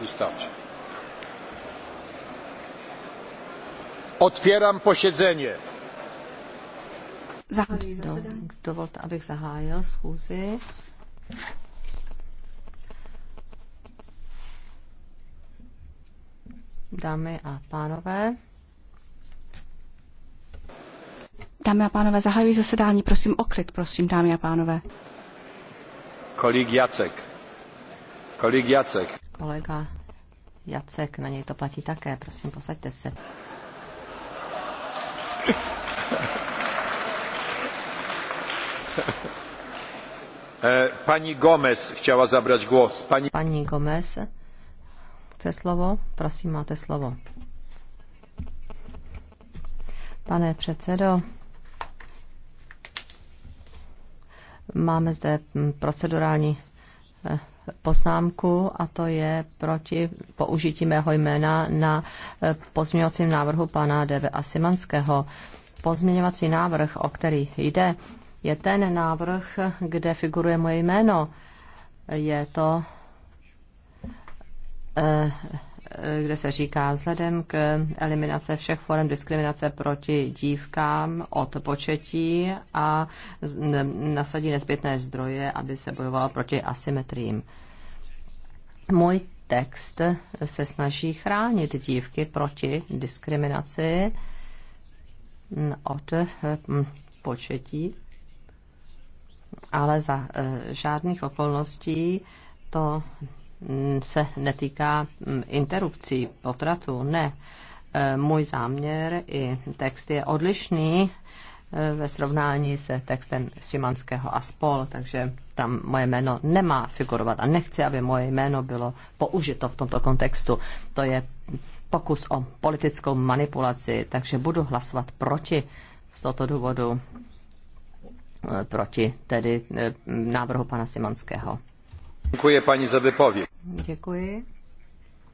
wystarczy. Eh, Otvírám posiedzenie. Do, dovolte, abych zahájil schůzi. Dámy a pánové. Dámy a pánové, zahájí zasedání. Prosím o klid, prosím, dámy a pánové. Kolik Jacek. Kolik Jacek kolega Jacek, na něj to platí také. Prosím, posaďte se. Eh, Pani Gomez chtěla zabrać głos. Pani... Pani Gomez chce slovo? Prosím, máte slovo. Pane předsedo, máme zde procedurální eh, poznámku a to je proti použití mého jména na e, pozměňovacím návrhu pana Deve Asimanského. Pozměňovací návrh, o který jde, je ten návrh, kde figuruje moje jméno. Je to eh, kde se říká vzhledem k eliminace všech forem diskriminace proti dívkám od početí a nasadí nezbytné zdroje, aby se bojovalo proti asymetriím. Můj text se snaží chránit dívky proti diskriminaci od hm, početí, ale za eh, žádných okolností to Mm, se netýká mm, interrupcí potratu, ne. E, můj záměr i text je odlišný e, ve srovnání se textem Šimanského a spol, takže tam moje jméno nemá figurovat a nechci, aby moje jméno bylo použito v tomto kontextu. To je pokus o politickou manipulaci, takže budu hlasovat proti z tohoto důvodu e, proti tedy návrhu pana Simanského. Děkuji paní za vypověď. Děkuji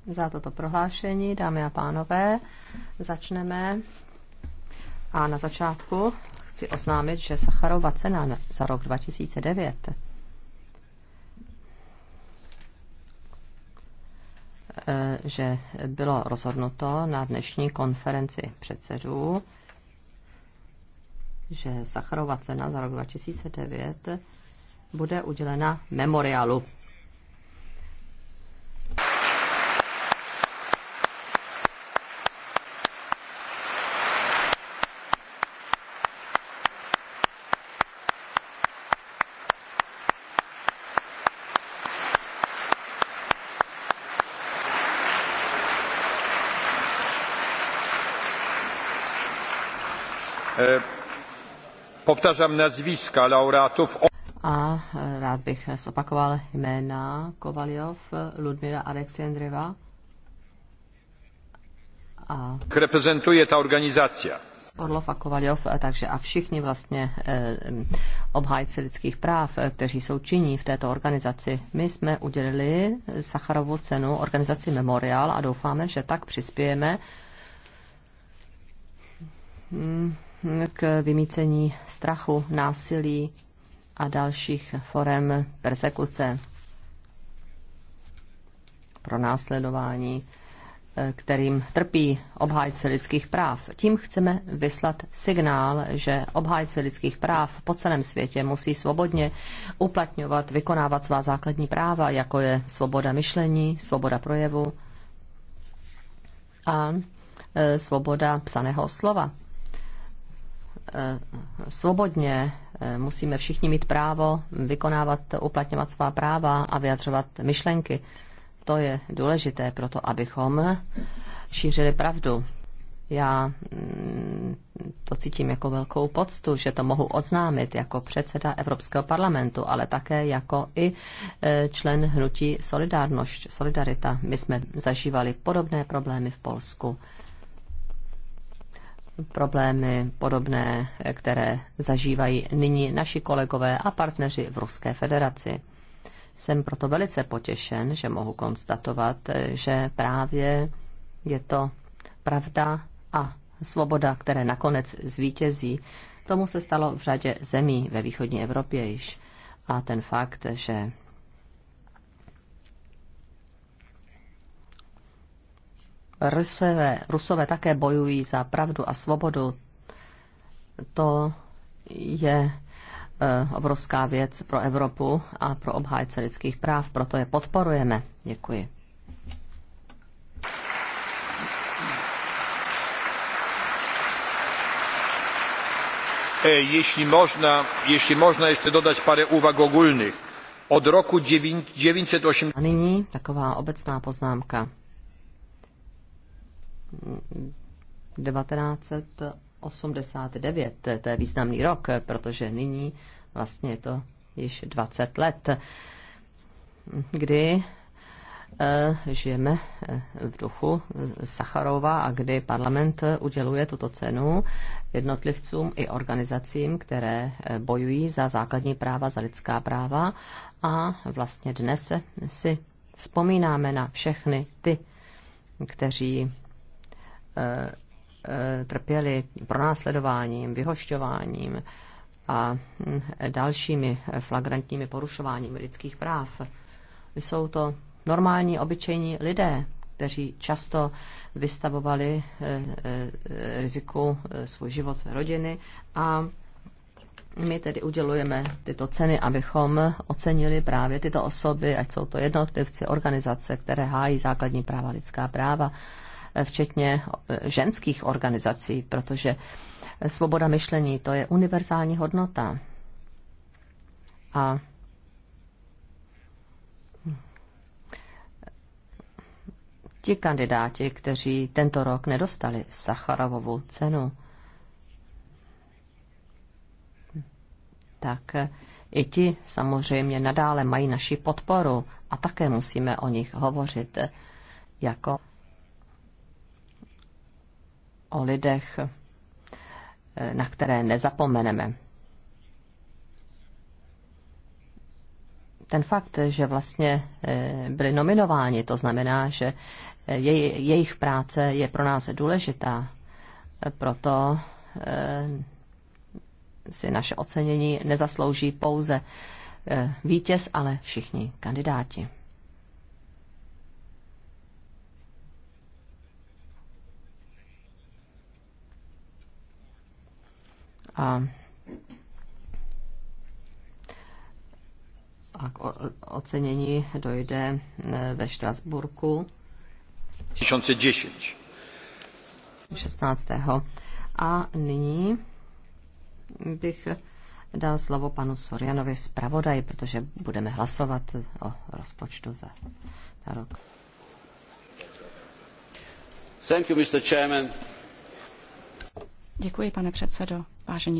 za toto prohlášení, dámy a pánové. Začneme. A na začátku chci oznámit, že Sacharova cena za rok 2009 eh, že bylo rozhodnuto na dnešní konferenci předsedů, že Sacharova cena za rok 2009 bude udělena memoriálu Eh, Povtažám nazviska laureátů. A eh, rád bych zopakoval jména Kovaljov, eh, Ludmila Aleksandrova. A... Reprezentuje ta organizace. Orlov a Kovaljov, takže a všichni vlastně obhájci lidských práv, kteří jsou činní v této organizaci. My jsme udělili Sacharovu cenu organizaci Memorial a doufáme, že tak přispějeme hmm k vymícení strachu, násilí a dalších forem persekuce, pro následování, eh, kterým trpí obhájce lidských práv. Tím chceme vyslat signál, že obhájce lidských práv po celém světě musí svobodně uplatňovat, vykonávat svá základní práva, jako je svoboda myšlení, svoboda projevu a eh, svoboda psaného slova. Eh, svobodně, eh, musíme všichni mít právo vykonávat, uplatňovat svá práva a vyjadřovat myšlenky. To je důležité pro to, abychom šířili pravdu. Já mm, to cítím jako velkou poctu, že to mohu oznámit jako předseda Evropského parlamentu, ale také jako i eh, člen hnutí Solidárnost, Solidarita. My jsme zažívali podobné problémy v Polsku problémy podobné, které zažívají nyní naši kolegové a partneři v Ruské federaci. Jsem proto velice potěšen, že mohu konstatovat, že právě je to pravda a svoboda, které nakonec zvítězí. Tomu se stalo v řadě zemí ve východní Evropě již. A ten fakt, že Rusové, Rusové také bojují za pravdu a svobodu. To je eh, obrovská věc pro Evropu a pro obhájce lidských práv, proto je podporujeme. Děkuji. E, jeśli można, jeśli można jeszcze dodać parę uwag ogólnych. Od roku 1980... A nyní taková obecná poznámka. 1989. To je významný rok, protože nyní vlastně je to již 20 let, kdy eh, žijeme eh, v duchu Sacharova a kdy parlament uděluje tuto cenu jednotlivcům i organizacím, které eh, bojují za základní práva, za lidská práva a vlastně dnes si vzpomínáme na všechny ty, kteří Eh, trpěli pronásledováním, vyhošťováním a hm, dalšími flagrantními porušováními lidských práv. Jsou to normální, obyčejní lidé, kteří často vystavovali eh, eh, riziku svůj život, své rodiny a my tedy udělujeme tyto ceny, abychom ocenili právě tyto osoby, ať jsou to jednotlivci, organizace, které hájí základní práva, lidská práva včetně eh, ženských organizací, protože svoboda myšlení to je univerzální hodnota. A ti kandidáti, kteří tento rok nedostali Sacharovovu cenu, tak i ti samozřejmě nadále mají naši podporu a také musíme o nich hovořit jako o lidech, eh, na které nezapomeneme. Ten fakt, že vlastně eh, byli nominováni, to znamená, že eh, jejich práce je pro nás důležitá. Proto si naše ocenění nezaslouží pouze vítěz, ale všichni kandidáti. a a k ocenění dojde e, ve Štrasburku 2010. 16. A nyní bych dal slovo panu Sorianovi zpravodaji, protože budeme hlasovat o rozpočtu za, za rok. Thank you, Mr. Chairman. Děkuji, pane předsedo. Vážení